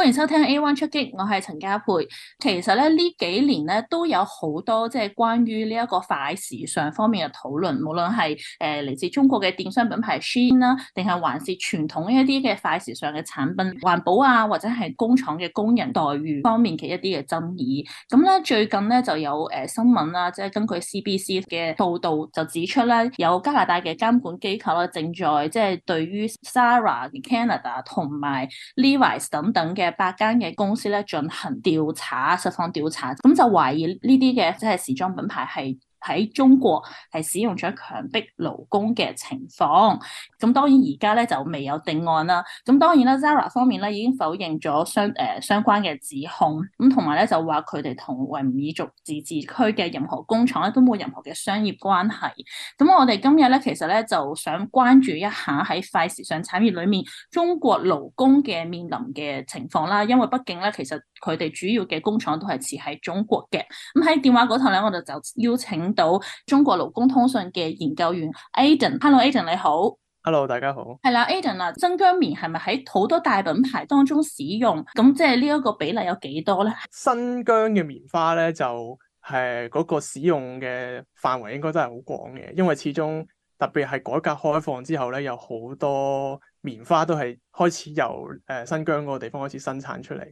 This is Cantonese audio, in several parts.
歡迎收聽 A1 出擊，我係陳家培。其實咧呢幾年咧都有好多即係關於呢一個快時尚方面嘅討論，無論係誒嚟自中國嘅電商品牌 Shein 啦，定係還是傳統一啲嘅快時尚嘅產品，環保啊或者係工廠嘅工人待遇方面嘅一啲嘅爭議。咁咧最近咧就有誒、呃、新聞啦、啊，即、就、係、是、根據 CBC 嘅報道就指出咧，有加拿大嘅監管機構咧、啊、正在即係、就是、對於 Zara 嘅 Canada 同埋 Levi’s 等等嘅。八間嘅公司咧進行調查、實況調查，咁就懷疑呢啲嘅即係時裝品牌係喺中國係使用咗強迫勞工嘅情況，咁當然而家咧就未有定案啦。咁當然啦，Zara 方面咧已經否認咗相誒、呃、相關嘅指控，咁同埋咧就話佢哋同維吾爾族自治區嘅任何工廠咧都冇任何嘅商業關係。咁我哋今日咧其實咧就想關注一下喺快時尚產業裏面中國勞工嘅面臨嘅情況啦，因為畢竟咧其實佢哋主要嘅工廠都係設喺中國嘅。咁喺電話嗰頭咧，我哋就邀請。到中國勞工通訊嘅研究員 Aden，Hello Aden 你好，Hello 大家好，係啦 Aden 啊，新疆棉係咪喺好多大品牌當中使用，咁即係呢一個比例有幾多咧？新疆嘅棉花咧就誒係嗰個使用嘅範圍應該都係好廣嘅，因為始終特別係改革開放之後咧，有好多棉花都係開始由誒新疆嗰個地方開始生產出嚟。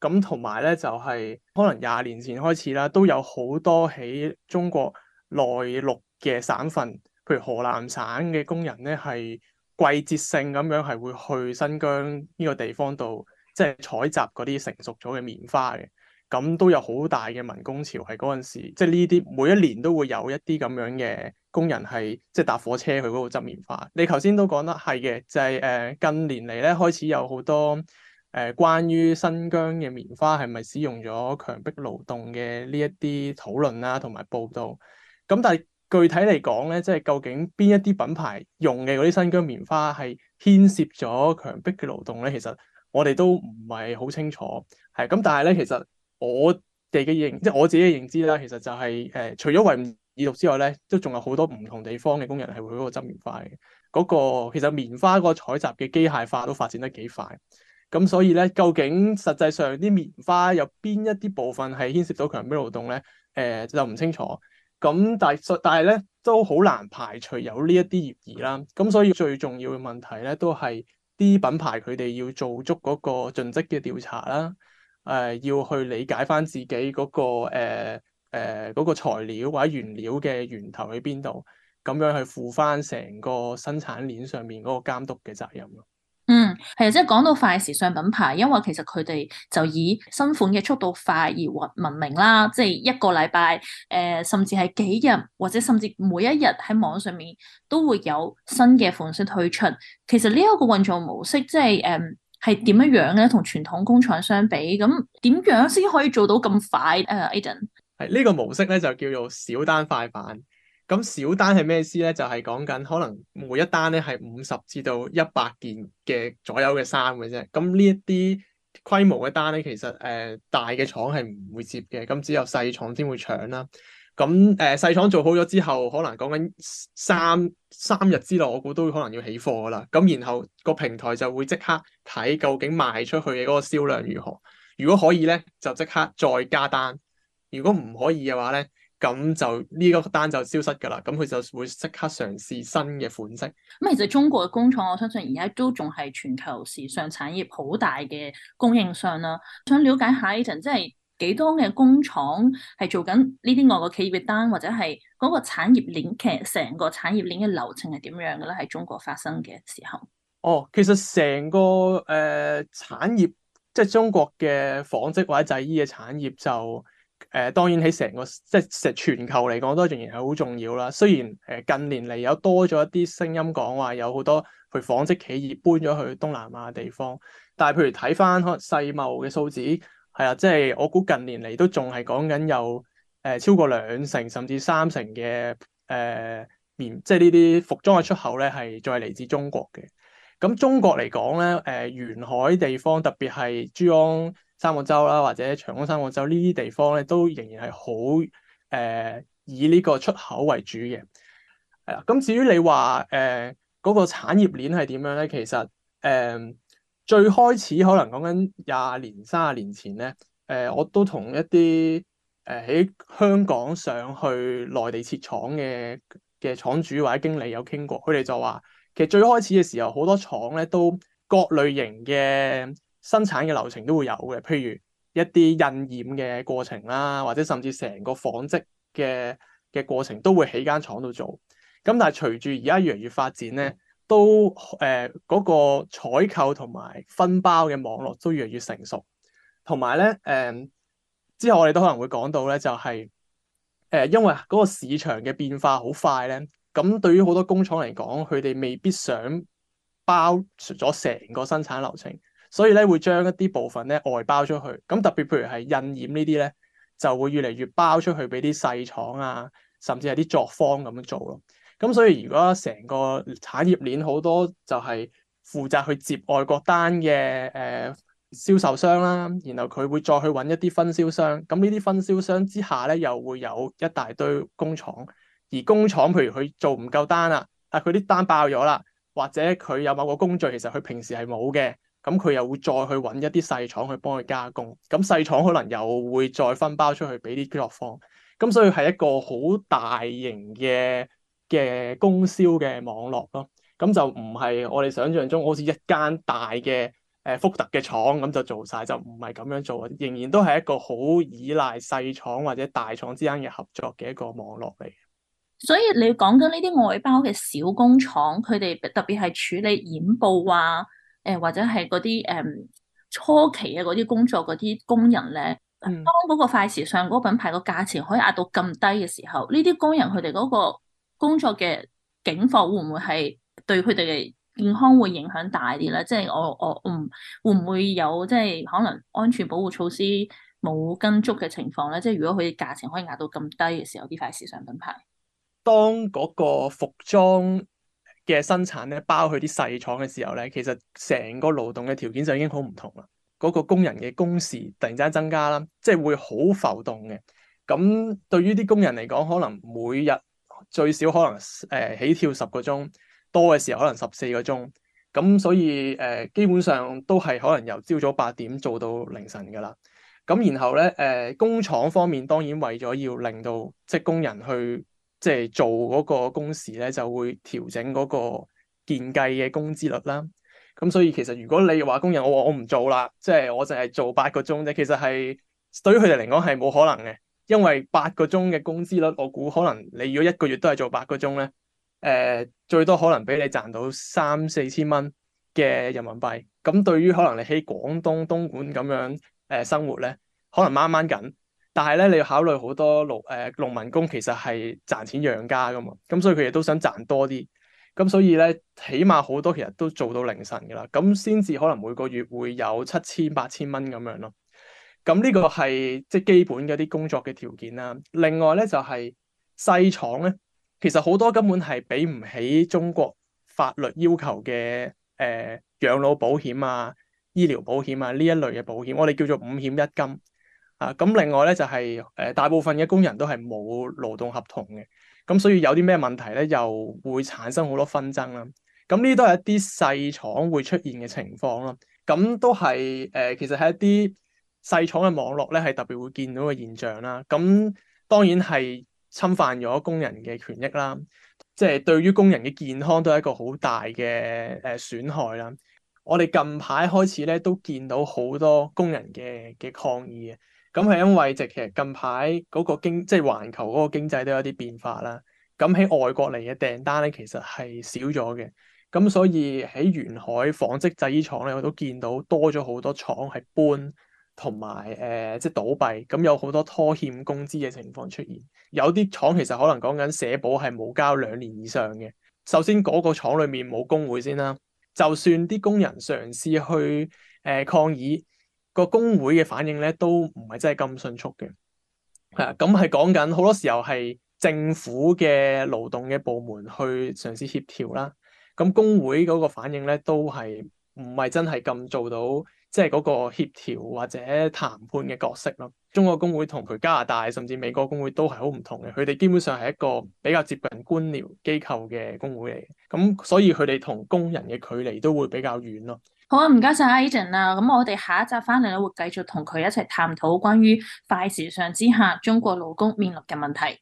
咁同埋咧，就係、是、可能廿年前開始啦，都有好多喺中國內陸嘅省份，譬如河南省嘅工人咧，係季節性咁樣，係會去新疆呢個地方度，即係採集嗰啲成熟咗嘅棉花嘅。咁都有好大嘅民工潮，係嗰陣時，即係呢啲每一年都會有一啲咁樣嘅工人係即係搭火車去嗰度執棉花。你頭先都講得係嘅，就係、是、誒、呃、近年嚟咧開始有好多。誒，關於新疆嘅棉花係咪使用咗強迫勞動嘅呢一啲討論啦、啊，同埋報道。咁但係具體嚟講咧，即係究竟邊一啲品牌用嘅嗰啲新疆棉花係牽涉咗強迫嘅勞動咧？其實我哋都唔係好清楚。係咁，但係咧，其實我哋嘅認，即係我自己嘅認知啦，其實就係、是、誒、呃，除咗維吾爾族之外咧，都仲有好多唔同地方嘅工人係會去個執棉花嘅。嗰、那個其實棉花嗰個採集嘅機械化都發展得幾快。咁所以咧，究竟實際上啲棉花有邊一啲部分係牽涉到強逼勞動咧？誒、呃、就唔清楚。咁但係但係咧，都好難排除有呢一啲嫌疑啦。咁所以最重要嘅問題咧，都係啲品牌佢哋要做足嗰個盡職嘅調查啦。誒、呃，要去理解翻自己嗰、嗰個誒誒、呃呃嗰個、材料或者原料嘅源頭喺邊度，咁樣去負翻成個生產鏈上面嗰個監督嘅責任咯。係啊，即係講到快時尚品牌，因為其實佢哋就以新款嘅速度快而聞聞名啦。即係一個禮拜，誒、呃，甚至係幾日，或者甚至每一日喺網上面都會有新嘅款式推出。其實呢一個運作模式，就是，即係誒，係點樣樣咧？同傳統工廠相比，咁點樣先可以做到咁快？誒、uh，Aden 係呢個模式咧，就叫做小單快板。咁小單係咩意思咧？就係講緊可能每一單咧係五十至到一百件嘅左右嘅衫嘅啫。咁呢一啲規模嘅單咧，其實誒、呃、大嘅廠係唔會接嘅，咁只有細廠先會搶啦。咁誒細廠做好咗之後，可能講緊三三日之內，我估都可能要起貨啦。咁然後、這個平台就會即刻睇究竟賣出去嘅嗰個銷量如何。如果可以咧，就即刻再加單；如果唔可以嘅話咧，咁就呢個單就消失㗎啦，咁佢就會即刻嘗試新嘅款式。咁其實中國嘅工廠，我相信而家都仲係全球時尚產業好大嘅供應商啦。想了解下 Ethan，即係幾多嘅工廠係做緊呢啲外國企業嘅單，或者係嗰個產業鏈，其實成個產業鏈嘅流程係點樣嘅咧？喺中國發生嘅時候。哦，其實成個誒、呃、產業，即係中國嘅紡織或者製衣嘅產業就。誒、呃、當然喺成個即係成全球嚟講都仍然係好重要啦。雖然誒近年嚟有多咗一啲聲音講話有好多佢紡織企業搬咗去東南亞地方，但係譬如睇翻可能世貿嘅數字，係啊，即係我估近年嚟都仲係講緊有誒、呃、超過兩成甚至三成嘅誒棉，即係呢啲服裝嘅出口咧係再嚟自中國嘅。咁中國嚟講咧，誒、呃、沿海地方特別係珠江三角洲啦，或者長江三角洲呢啲地方咧，都仍然係好誒以呢個出口為主嘅。係、嗯、啦，咁至於你話誒嗰個產業鏈係點樣咧？其實誒、呃、最開始可能講緊廿年、卅年前咧，誒、呃、我都同一啲誒喺香港上去內地設廠嘅嘅廠主或者經理有傾過，佢哋就話。其實最開始嘅時候，好多廠咧都各類型嘅生產嘅流程都會有嘅，譬如一啲印染嘅過程啦，或者甚至成個紡織嘅嘅過程都會喺間廠度做。咁但係隨住而家越嚟越發展咧，都誒嗰個採購同埋分包嘅網絡都越嚟越成熟，同埋咧誒之後我哋都可能會講到咧，就係誒因為嗰個市場嘅變化好快咧。咁對於好多工廠嚟講，佢哋未必想包除咗成個生產流程，所以咧會將一啲部分咧外包出去。咁特別譬如係印染呢啲咧，就會越嚟越包出去俾啲細廠啊，甚至係啲作坊咁樣做咯。咁所以如果成個產業鏈好多就係負責去接外國單嘅誒、呃、銷售商啦、啊，然後佢會再去搵一啲分銷商，咁呢啲分銷商之下咧又會有一大堆工廠。而工廠，譬如佢做唔夠單啦，啊佢啲單爆咗啦，或者佢有某個工序，其實佢平時係冇嘅，咁佢又會再去揾一啲細廠去幫佢加工。咁細廠可能又會再分包出去俾啲作坊。咁所以係一個好大型嘅嘅供銷嘅網絡咯。咁就唔係我哋想象中好似一間大嘅誒福特嘅廠咁就做晒，就唔係咁樣做。仍然都係一個好依賴細廠或者大廠之間嘅合作嘅一個網絡嚟。所以你講緊呢啲外包嘅小工廠，佢哋特別係處理染布啊，誒、呃、或者係嗰啲誒初期嘅嗰啲工作嗰啲工人咧，當嗰個快時尚嗰個品牌個價錢可以壓到咁低嘅時候，呢啲工人佢哋嗰個工作嘅境況會唔會係對佢哋嘅健康會影響大啲咧？即係我我唔會唔會有即係可能安全保護措施冇跟足嘅情況咧？即係如果佢哋價錢可以壓到咁低嘅時候，啲快時尚品牌。當嗰個服裝嘅生產咧，包去啲細廠嘅時候咧，其實成個勞動嘅條件就已經好唔同啦。嗰個工人嘅工時突然間增加啦，即係會好浮動嘅。咁對於啲工人嚟講，可能每日最少可能誒起跳十個鐘，多嘅時候可能十四個鐘。咁所以誒，基本上都係可能由朝早八點做到凌晨噶啦。咁然後咧誒，工廠方面當然為咗要令到即係工人去。即係做嗰個工時咧，就會調整嗰個建計嘅工資率啦。咁所以其實如果你話工人，我話我唔做啦，即係我就係做八個鐘啫。其實係對於佢哋嚟講係冇可能嘅，因為八個鐘嘅工資率，我估可能你如果一個月都係做八個鐘咧，誒最多可能俾你賺到三四千蚊嘅人民幣。咁對於可能你喺廣東東莞咁樣誒生活咧，可能掹掹緊。但係咧，你要考慮好多農、誒、呃、農民工其實係賺錢養家噶嘛，咁所以佢哋都想賺多啲，咁所以咧，起碼好多其實都做到凌晨噶啦，咁先至可能每個月會有七千八千蚊咁樣咯。咁呢個係即係基本嗰啲工作嘅條件啦。另外咧就係、是、細廠咧，其實好多根本係畀唔起中國法律要求嘅誒養老保險啊、醫療保險啊呢一類嘅保險，我哋叫做五險一金。啊，咁另外咧就係誒大部分嘅工人都係冇勞動合同嘅，咁所以有啲咩問題咧，又會產生好多紛爭啦。咁呢都係一啲細廠會出現嘅情況咯。咁都係誒、呃，其實係一啲細廠嘅網絡咧，係特別會見到嘅現象啦。咁當然係侵犯咗工人嘅權益啦，即係對於工人嘅健康都係一個好大嘅誒損害啦。我哋近排開始咧都見到好多工人嘅嘅抗議啊。咁係因為即其實近排嗰個經即係環球嗰個經濟都有啲變化啦。咁喺外國嚟嘅訂單咧，其實係少咗嘅。咁所以喺沿海紡織製衣廠咧，我都見到多咗好多廠係搬同埋誒即係倒閉。咁有好多拖欠工資嘅情況出現。有啲廠其實可能講緊社保係冇交兩年以上嘅。首先嗰個廠裡面冇工會先啦。就算啲工人嘗試去誒、呃、抗議。個工會嘅反應咧，都唔係真係咁迅速嘅。係咁係講緊好多時候係政府嘅勞動嘅部門去嘗試協調啦。咁、啊、工會嗰個反應咧，都係唔係真係咁做到，即係嗰個協調或者談判嘅角色咯。中國工會同佢加拿大甚至美國工會都係好唔同嘅。佢哋基本上係一個比較接近官僚機構嘅工會嚟嘅。咁、啊、所以佢哋同工人嘅距離都會比較遠咯。好啊，唔該晒，Eason 啊。咁我哋下一集翻嚟咧，會繼續同佢一齊探討關於快時尚之下中國勞工面臨嘅問題。